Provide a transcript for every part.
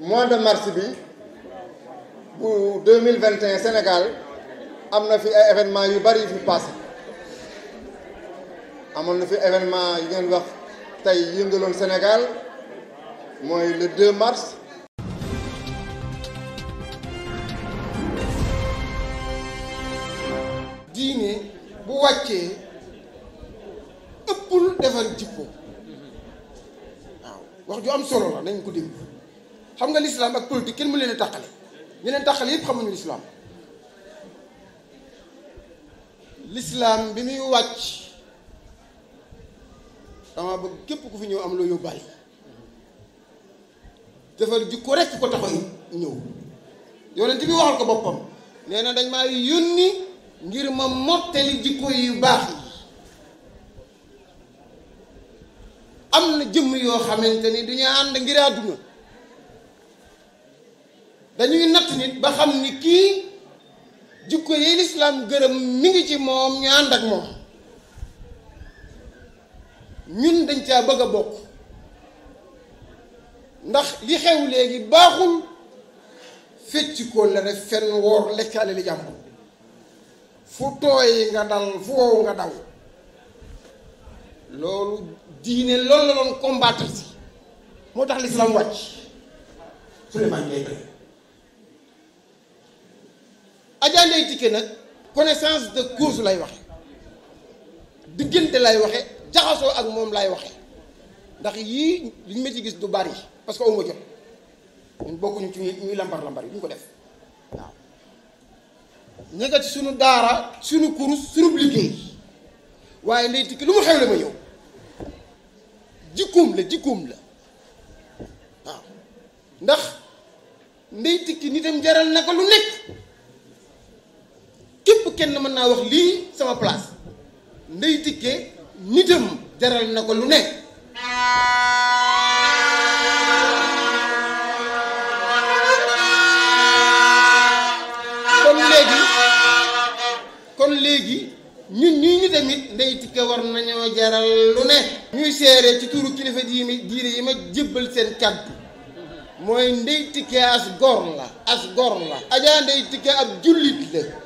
mois de mars bi bu deux mille vingt et un Sénégal am na fi ay événement yu bari yu fi passé amoon na fi événement yu ngeen wax tey yëngaloon Sénégal mooy le 2 mars. diine bu wàccee ëppul defar jikko waaw wax ju am solo la nañ ko dégg. xam nga lislaam ak politique kenn mu leen tàqale ñu leen tàqale yëpp xamuñu lislaam lislaam bi muy wàcc dama bëgg képp ku fi ñëw am loo yóbbaale defar jikko rekk ko taxaw ñëw yonent bi waxal ko boppam nee na dañ maa yónni ngir ma mottali jikko yu baax yi am na jëmm yoo xamante ni du ñu ànd ngir àdduna dañuy natt nit ba xam ni kii jukko yi lislaam gërëm mi ngi ci moom ñu ànd ak moom ñun dañ caa bëgg a bokk ndax li xew léegi baaxul fecc ko la rek fenn woor lekkaale li jàmm fu tooy nga dal fu wow nga daw loolu diine loolu la doon combattre si moo tax lislaam wàcc Adja Ndeye Tické nag connaissance de cause lay waxe diggante lay waxe jaxasoo ak moom lay waxe ndax yii liñ ma ci gis du bari parce que aw jot ñun bokkuñu ci ñuy lambar lambar yi duñ ko def waaw ci suñu daara suñu kurus suñu liggéey waaye Ndeye Tické lu mu xew la ma ñëw jikkoom la jikkoom la waaw ndax Ndeye Tické nitam jaral na lu nekk kenn mën naa wax lii sama place Ndeye Tické nitam jaral na ko lu ne kon léegi kon léegi ñun ñii ñu tamit Ndeye Tické war nañoo jaral lu ne ñuy seere ci turu kilifa ji mi diine yi ma jébbal seen kàddu mooy Ndeye Tické as gor la as gor la Adja Ndeye Tické ab jullit la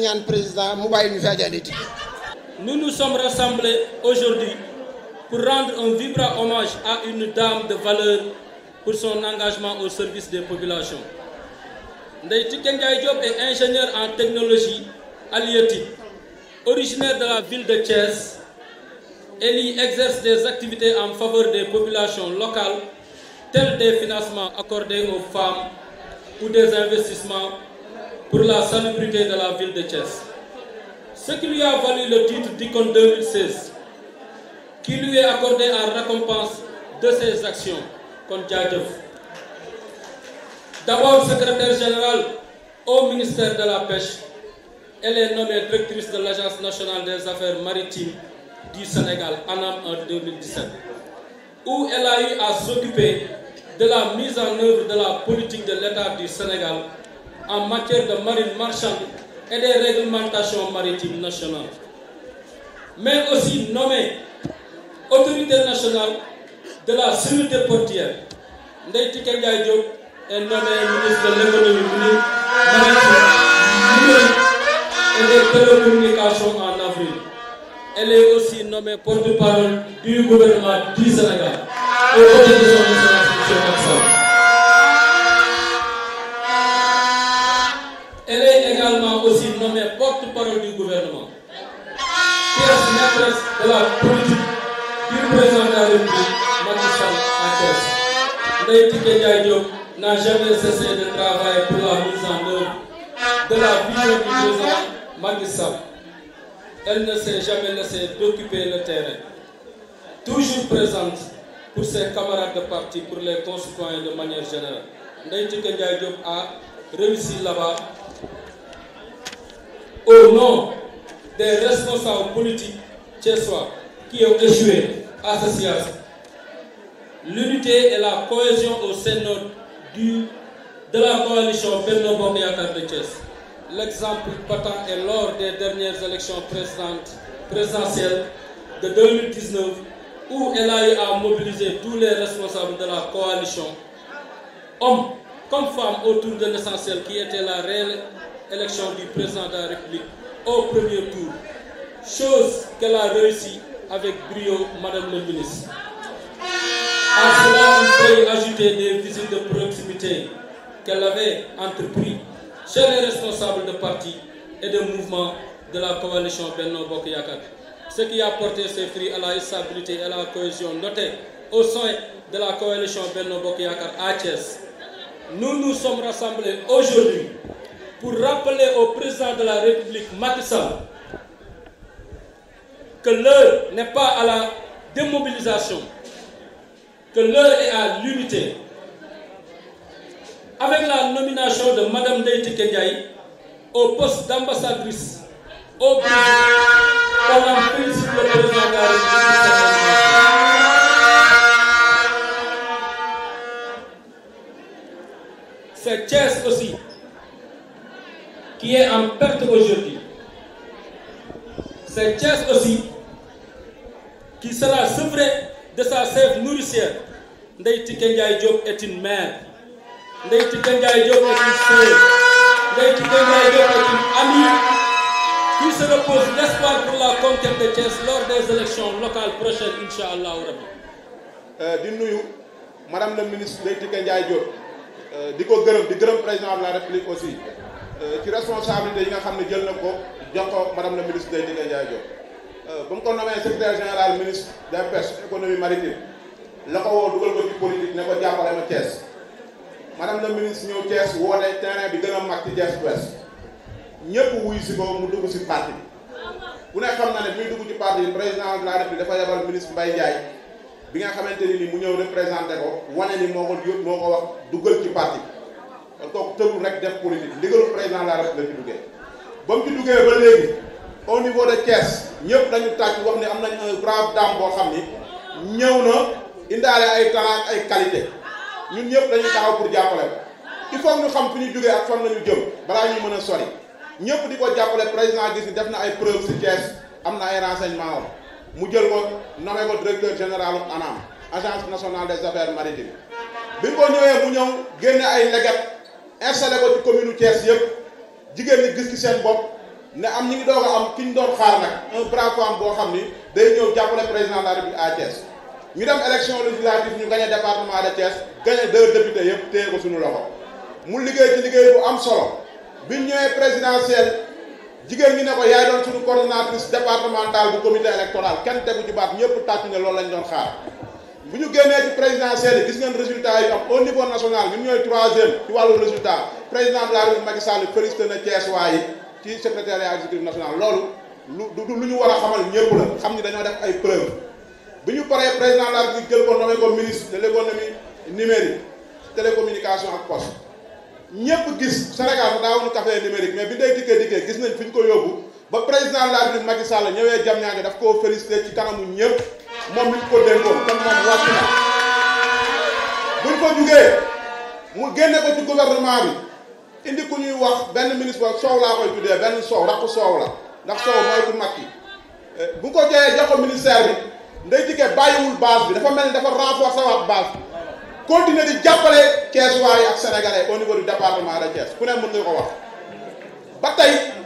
damay président mu bàyyi ñu fi ajaniti Nous nous sommes rassemblés aujourd'hui pour rendre un vibrant hommage à une dame de valeur pour son engagement au service des populations. Ndeye Tické Ndiaye Diop est ingénieure en technologie halieutique. Originaire de la ville de Thiès, et y exerce des activités en faveur des populations locales, telles des financements accordés aux femmes ou des investissements pour la salubrité de la ville de Thiès. Ce qui lui a valu le titre d'icône 2016, qui lui est accordé en récompense de ses actions contre Djadjev. D'abord secrétaire générale au ministère de la Pêche, elle est nommée directrice de l'Agence nationale des affaires maritimes du Sénégal, ANAM, en 2017, où elle à s'occuper de la mise en œuvre de la politique de l'État du Sénégal en matière de marine marchande et des réglementations maritimes mais aussi nommé autorité nationale de la sûreté portière. Ndeye Tické Ndiaye Diop nommé ministre l'économie maritime, numérique et en avril. Elle est aussi nommée porte-parole du gouvernement du Sénégal au côté de son excellence Elle est également aussi nommée porte-parole du gouvernement. Pièce maîtresse de la politique du président de la en Thiès. Ndèye Tické Ndiaye Diop n'a jamais cessé de travailler pour la mise en de la vision du président Macky Sall. Elle ne s'est jamais d'occuper le terrain. Toujours présente pour ses camarades de parti, pour les concitoyens de manière générale. Ndèye Tické Ndiaye Diop a réussi là au nom des responsables politiques tchessois qui ont échoué à ce siège. L'unité et la cohésion au sein du, de la coalition Benno Bokk Yaakaar de Thiès. L'exemple patent est lors des dernières élections présidentielles de 2019 où elle a mobilisé tous les responsables de la coalition, hommes comme femmes, autour de l'essentiel qui était la réelle élection du président de la République au premier tour, chose qu'elle a réussi avec brio, Madame le ministre. À cela, il ajouter des visites de proximité qu'elle avait entreprises chez les responsables de partis et de mouvements de la coalition Benno Bokk ce qui a porté ses fruits à la stabilité et à la cohésion notée au sein de la coalition Benno Bokk Yakaar à Thiès. Nous nous sommes rassemblés aujourd'hui pour rappeler au président de la République Macky Sall que l'heure n'est pas à la démobilisation, que l'heure est à l'unité. Avec la nomination de Madame Deïti Kenyaï au poste d'ambassadrice au Brésil, on en félicite le président de la République. C'est Thiès aussi qui est en perte aujourd'hui. C'est Thiès aussi qui sera sevré de sa sève nourricière. Ndeye Tické Ndiaye Diop est une mère. Ndeye Tické Ndiaye Diop est une sœur. Ndeye Tické Ndiaye Diop est une repose l'espoir pour la conquête de Thiès lors des élections locales prochaines inch'Allah rabbi. Euh, di nuyu madame la ministre Ndeye Tické Ndiaye Diop euh, di ko gërëm di gërëm président de la République aussi. Euh, ci responsabilité yi nga xam ne jël na ko jox ko madame la ministre Ndeye Ndiaye Diop euh, ba mu ko nommé secrétaire général ministre des pêches économie maritime la ko woo dugal ko ci politique ne ko jàppale ma Thiès madame la ministre ñëw Thiès woote terrain bi gën a mag ci Thiès Ouest ñëpp wuy si ko mu dugg si parti bi bu ne xam na ne bi muy dugg ci parti bi président de la République dafa yabal ministre Mbaye Ndiaye bi nga xamante ni ni mu ñëw représenté ko wane ni moo ko yóbbu moo ko wax duggal ci parti kon kooku tëbul rek def politique ndigalu président la république ci duggee ba mu ci duggee ba léegi au niveau de Thiès ñëpp dañu tàcc wax ne am nañ un brave boo xam ni ñëw na indaale ay talent ay qualité ñun ñëpp dañuy taxaw pour jàppale ko il faut ñu xam fi ñu jugee ak fan la ñu jëm balaa ñuy mën a sori ñëpp di ko jàppale président gis ni def na ay preuve ci Thiès am na ay renseignement am mu jël ko nommé ko directeur général ANAM agence nationale des affaires maritimes bi ko ñëwee ñëw génne ay leget installé ko ci commune Thiès yëpp jigéen ñi gis ci seen bopp ne am ñi ngi doo a am ki ñu doon xaar nag un brave femme boo xam ni day ñëw jàppale président de la République à Thiès ñu dem élection législative ñu gagné département de Thiès gagné deux députés yëpp téye ko suñu loxo mu liggéey ci liggéey bu am solo bi ñu ñëwee présidentielle jigéen ñi ne ko yaay doon suñu coordonnatrice départementale bu comité électoral kenn tegu ci baat ñëpp tàcc ne loolu lañ doon xaar. bu ñu génnee ci présidentielle gis ngeen résultat yi am au niveau national ñun ñooy troisième ci wàllu résultat président de la République Macky Sall félicité na Thiès ci secrétariat exécutif national loolu lu lu ñu war a xamal ñëpp la xam ni dañoo def ay preuve bu ñu paree président de la République jël ko nommé ko ministre de l' économie numérique télécommunication ak poste ñëpp gis Sénégal sa daawuñu café numérique mais bi day dikkee dikkee gis nañ fi ñu ko yóbbu ba président de la République Macky Sall ñëwee jam ñaa ngi daf koo félicité ci kanamu ñëpp moom li ñu ko dénkoon kon moom wàcc na buñ ko jugee mu génne ko ci gouvernement bi indi ku ñuy wax benn ministre boobu soow laa koy tuddee benn soow la ndax soow mooy ku mag yi eh, bu ko jëlee jox ministère bi nday jigee bàyyiwul base bi dafa mel ni dafa renforcer waat base bi continuer di jàppale Thiès waay ak sénégalais au niveau du département de Thiès ku ne mën nga ko wax ba tey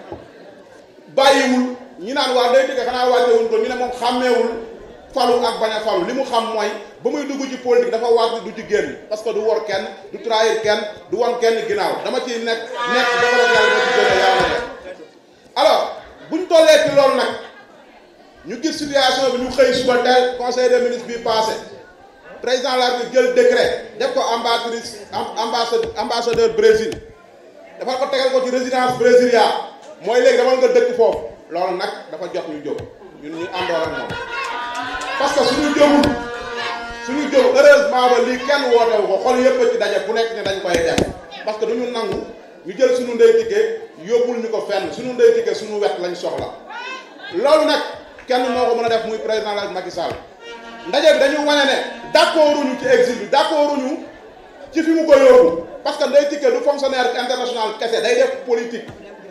bàyyiwul ñu naan waa day dëgg xanaa wàccewul ko ñu ne moom xàmmeewul falu ak bañ a falu li mu xam mooy ba muy dugg ci politique dafa waat du ci génn parce que du wor kenn du trahir kenn du wan kenn ginnaaw dama ciy nekk nekk dafa la yàlla ci génne alors buñ tollee ci loolu ñu gis situation bi ñu xëy suba tey conseil des ministres bi passé président de la jël décret def ko ambassadrice ambassadeur Brésil dafa ko tegal ko ci résidence Brasilia mooy léegi dama nga dëkk foofu loolu nag dafa jox ñu jóg ñun ñu àndoon ak moom parce que suñu jógul suñu jóg heureusement ba lii kenn wootewu ko xol yëpp ci daje bu nekk ne dañ koy def parce que duñu nangu ñu jël suñu ndey ticket yóbbul ñu ko fenn suñu ndey ticket suñu wet lañ soxla loolu nag kenn moo ko mën a def muy président la Macky Sall ndaje bi dañu wane ne d'accord uñu ci exil bi d'accord uñu ci fi mu ko yóbbu parce que ndey ticket du fonctionnaire international kese day def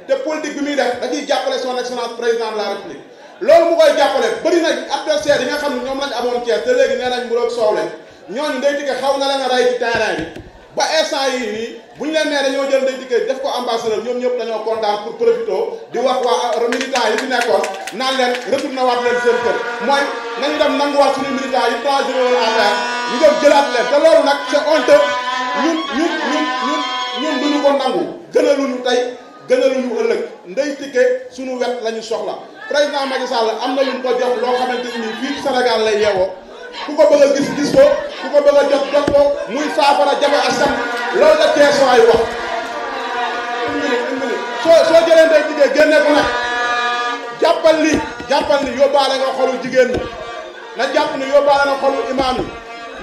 te politique bi muy def da jàppale son excellence président de la république loolu mu koy jàppale bëri na adversaire yi nga xam ne ñoom lañ amoon Thiès te léegi nee nañ mburoog soow lañ ñooñu Ndeye Tické xaw na leen a rey ci terrain bi ba instant yii nii bu ñu leen nee dañoo jël Ndeye Tické def ko ambassadeur ñoom ñëpp dañoo kontaan pour profito di wax waa euh, militant yi fi nekkoon naan leen retourné waat leen seen kër mooy nañu dem nanguwaat suñu militant ñu dem jëlaat leen te loolu nag gënaluñu ëllëg ndey Tické sunu wet la ñu soxla président Macky Sall am na lu ko jox loo xamante ni fii Sénégal lay yeewoo ku ko bëgg a gis gis ko ku ko bëgg a jot ko muy saafara jafe askan loolu la teesuwaay wax soo soo jëlee Ndeye Tické génne ko nag jàppal li jàppal ni yóbbaale nga xolu jigéen ñi na jàpp ne yóbbaale na xolu imaam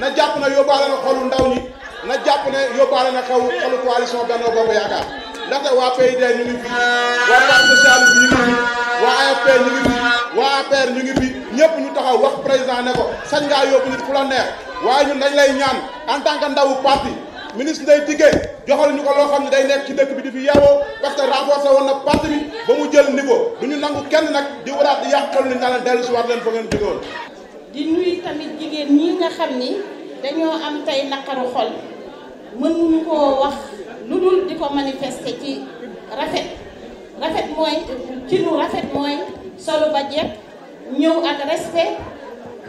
na jàpp na yóbbaale na xolu ndaw ñi na jàpp ne yóbbaale na xew xolu coalition Benno Bokk Yaakaar ndaxte waa PID ñu ngi fi waa Parti socialiste ñu ngi fi waa ñu ñëpp ñu taxaw wax président ne ko sañ ngaa yóbbu nit fu la neex waaye ñun dañ lay ñaan en tant que ndawu parti ministre Ndeye Tické joxal ñu ko loo xam ne day nekk ci dëkk bi di fi yeewoo parce que renforcé woon na parti ba mu jël niveau du ñu nangu kenn nag di waraat di yàqal ni na leen dellu si war leen fa ngeen jógoon di nuyu tamit jigéen ñi nga xam ni dañoo am tey naqaru xol mënuñu koo wax lu dul di ko manifester ci rafet rafet mooy ci lu rafet mooy solo ba jekk ñëw ak respect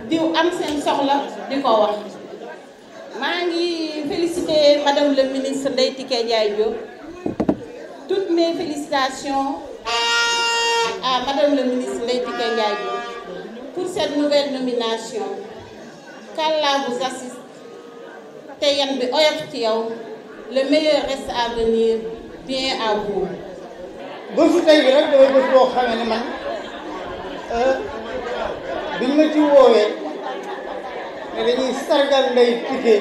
diw am seen soxla di ko wax maa ngi féliciter madame le ministre Ndeye Tické Ndiaye Diop mes félicitations à madame le ministre Ndeye Tické Ndiaye pour cette nouvelle nomination qu'Allah vous te yan bi oyof ci yow le meilleur reste à bien à vous. tey bi rek dafay bés boo xamee ne man euh, biñ ma ci woowee ne dañuy sargal Ndeye Tické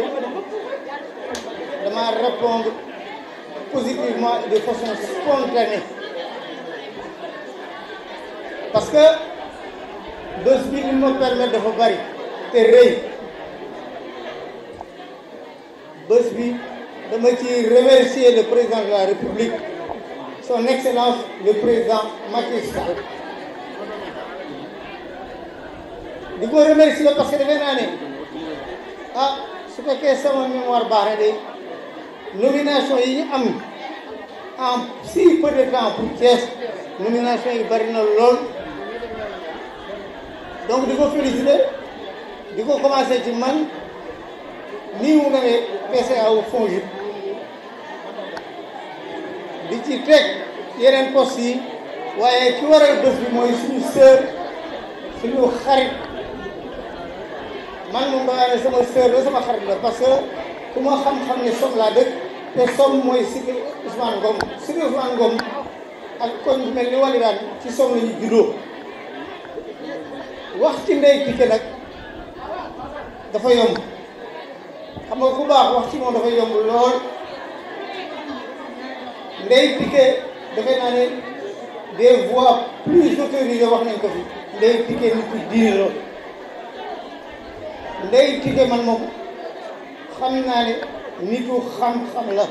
dama répondre positivement de façon spontanée parce que bës bi li ma permettre dafa bari te rëy bés bi. dama ci remercier le président de la République son excellence le président Macky di ko remercier parce que defe naa ne ah su fekkee sama mémoire baax na de nomination yi am en si peu de temps pour Thiès nomination yi bari lool donc di ko féliciter di ko commencer ci man nii mu demee PCA wu FONGIP li ci teg yeneen pos yi waaye ki waral bés bi mooy suñu sœur suñu xarit man moom damaa ne sama sœur la sama xarit la parce que ku ma xam-xam ne Somme laa dëkk te Somme mooy Sikri Ousmane Ngom Sikri Ousmane Ngom ak koñ mel ni Walidaan ci Somme la ñu juddoo wax ci Ndeye Tické nag dafa yomb xam nga ku baax wax ci moom dafa yomb lool. Ndeye Tické dafay naa ne des voix plus autorisées wax nañ ko fi Ndeye Tické nit ku diine la Ndeye Tické man moom xam naa ne nitu xam-xam la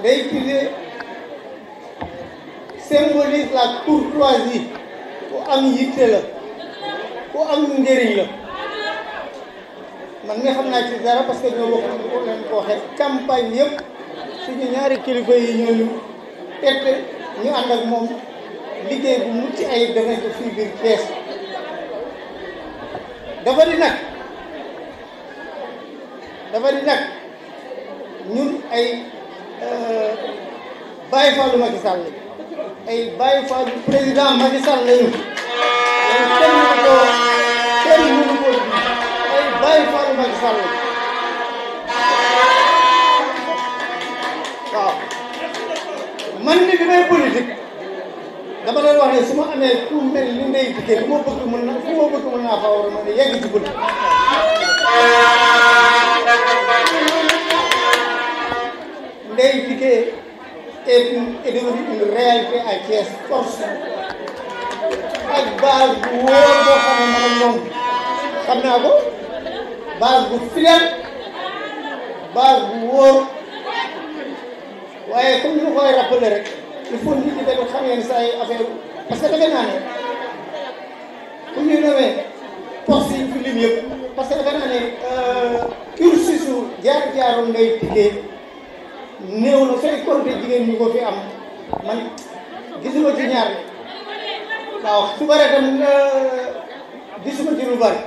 Ndeye Tické symbolise la courtoisie ku am yitte la ku am njëriñ la man nga xam naa ci dara parce ñoo wax ko leen ko waxee campagne yëpp suñu ñaari kilifa yi ñooñu teg ñu ànd ak moom liggéey bu mucc ayib dana ko fii biir Thiès dafa di nag dafa di nag ñun ay euh, Baye Fallou Macky ay Baye président Macky Sall lañu kenn mënu ko kenn mënu ko ay Baye Fallou Macky man ni li may politique dama leen wax ne su ma amee ku mel ni ndey dikkee lu ma bëgg mën na fu ma bëgg mën naa faa ndey dikkee est devenue une réalité à Thiès ak base bu wóor boo xam ne man ñoom xam naa ko base bu fidèle base bu wóor waaye comme ni ma koy rappelé rek il faut nit ñi tamit xam ngeen saa yu parce que defe naa ne ku ñuy demee postes yi fi lim yëpp parce que defe naa ne euh, cursus su jaar-jaaru Ndeye Tické néew na sooy compter jigéen ñi ko fi am man gisuma ci ñaar waaw su bëree tam euh, gisuma ci lu bëri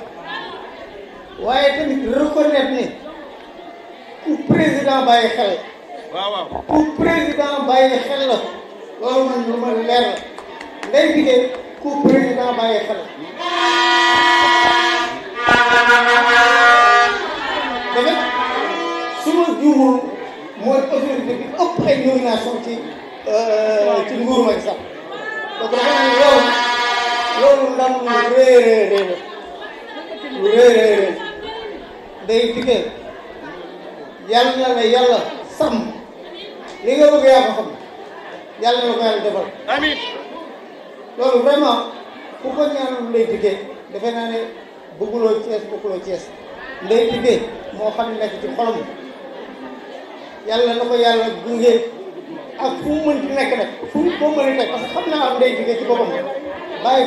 waaye tamit reconnaître ni ku président bàyyi xel. waaw waaw pour président bàyyi la loolu man lu leer la Ndeye bi ëpp ay nomination ci euh, ci nguur Macky loolu loolu ndam lu rëy rëy rëy lu rëy rëy rëy Ndeye Guèye yàlla la sàmm li nga bëgg yaa ko xam yàlla na ko yàlla defal amiin loolu vraiment ku ko ñaanul lay diggee defe naa ne bëgguloo Thiès bëgguloo Thiès lay diggee moo xam ne nekk ci xolam yàlla na ko yàlla gunge ak fu mu mënti nekk nag fu mu ko mën a teg parce xam naa am lay diggee ci boppam bàyyi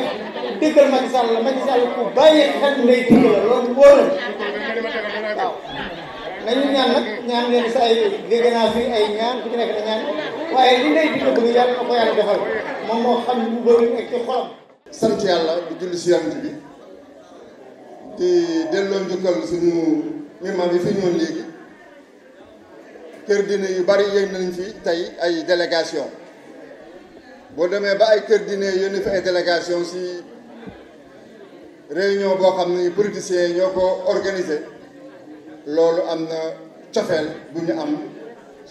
dëggal Macky la Macky Sall ku bàyyi xel lay diggee la loolu wóor na dañu ñaan nag ñaan leen sa ay dégg naa fi ay ñaan ku ci nekk ñaan waaye li ngay di bëgg yàlla na ko yàlla defal moom moo xam bu bëri ak ci xolam sant yàlla di julli si yant bi di delloo njukkal suñu imam yi fi ñëwoon léegi kër diine yu bari yéeg nañ fi tey ay délégation boo demee ba ay kër diine yónni fi ay délégation si réunion boo xam ni politiciens yi ñoo ko organisé loolu am na cofeel bu ñu am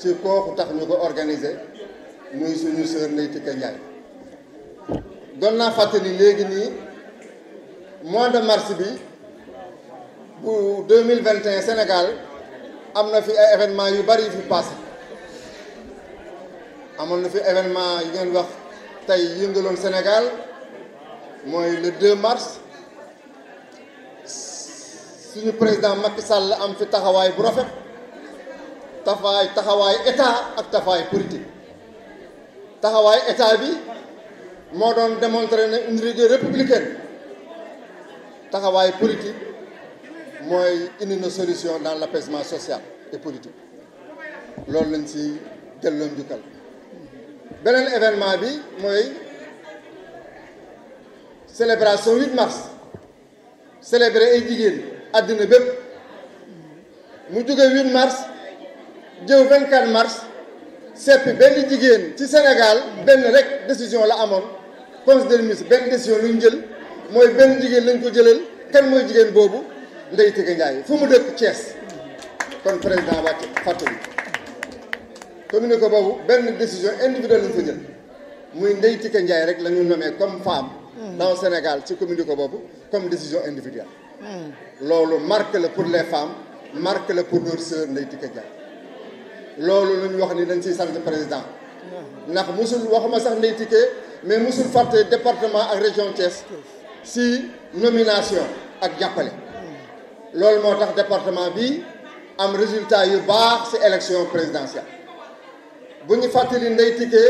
si kooku tax ñu ko organiser muy suñu sœur Ndeye Tické Ndiaye doon naa fàttali léegi nii mois de mars bi bu 2021 Sénégal am na fi ay événement yu bari yu fi passé amoon na fi événement yu ngeen wax tey yëngaloon Sénégal mooy le 2 mars suñu président Macky Sall am fi taxawaay bu rafet taxawaay taxawaay état ak taxawaay politique taxawaay état bi moo doon démontrer ne une rigueur républicaine taxawaay politique mooy indi na solution dans l' apaisement social et politique loolu lañ si delloo njukkal beneen événement bi mooy célébration 8 mars célébrer ay jigéen àddina bépp mu jóge 8 mars jëw 24 mars seppi benn jigéen ci Sénégal benn rek décision la amoon conseil des ministres benn décision lu jël mooy benn jigéen lañ ko jëlal kenn mooy jigéen boobu ndey Tické Ndiaye fu mu dëkk Thiès kon président wàcc fàttali commune ko boobu benn décision individuelle lañ ko jël muy Ndeye Tické Ndiaye rek la ñu nommé comme femme hmm. dans Sénégal ci commune ko boobu comme décision individuelle loolu marque la pour les femmes marque la pour leur sœur Ndeye Tické Dia loolu lu wax ni dañ ciy sant président ndax musul waxuma sax Ndeye Tické mais musul fàtte département ak région Thiès si nomination ak jàppale loolu moo tax département bi am résultat yu baax si élection présidentielle bu ñu fàttali Ndeye Tické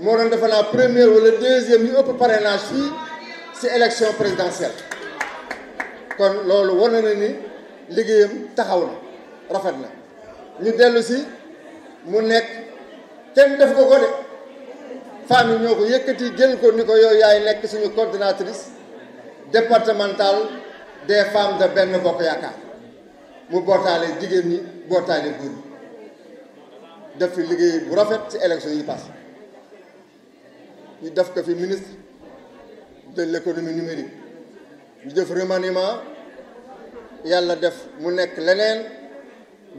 moo doon defe naa première wala deuxième yu ëpp parrainage fii si élection présidentielle kon loolu wane na ni liggéeyam taxaw na rafet na ñu dellu si mu nekk kenn def ko ko de femme yi ñoo ko yëkkati jël ko ni ko yow yaay nekk suñu coordinatrice départementale des femmes de benn Bokk Yaakaar mu bootaale jigéen ñi bootaale góor def fi liggéey bu rafet ci élection yi passé ñu def ko fi ministre de l'économie numérique ñu def remaniement yàlla def mu nekk leneen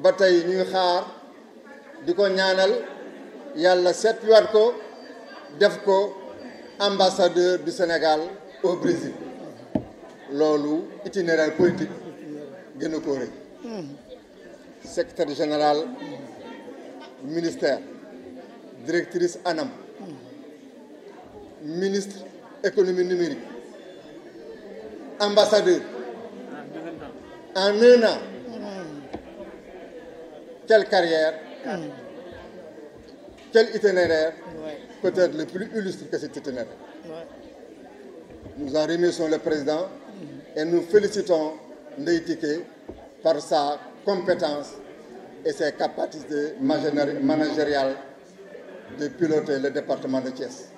ba tey ñuy xaar di ko ñaanal yàlla seetluwaat ko def ko ambassadeur du Sénégal au Brésil loolu itinéraire politique gën a ko rëy secrétaire général ministère directrice ANAM ministre économie numérique ambassadeur ah, en un an. Quelle carrière, hmm. quel itinéraire, peut-être le plus illustre que cet itinéraire. Nous en remercions le président et nous félicitons Ndeïtike par sa compétence et ses capacités managériales de piloter le département de Thiès.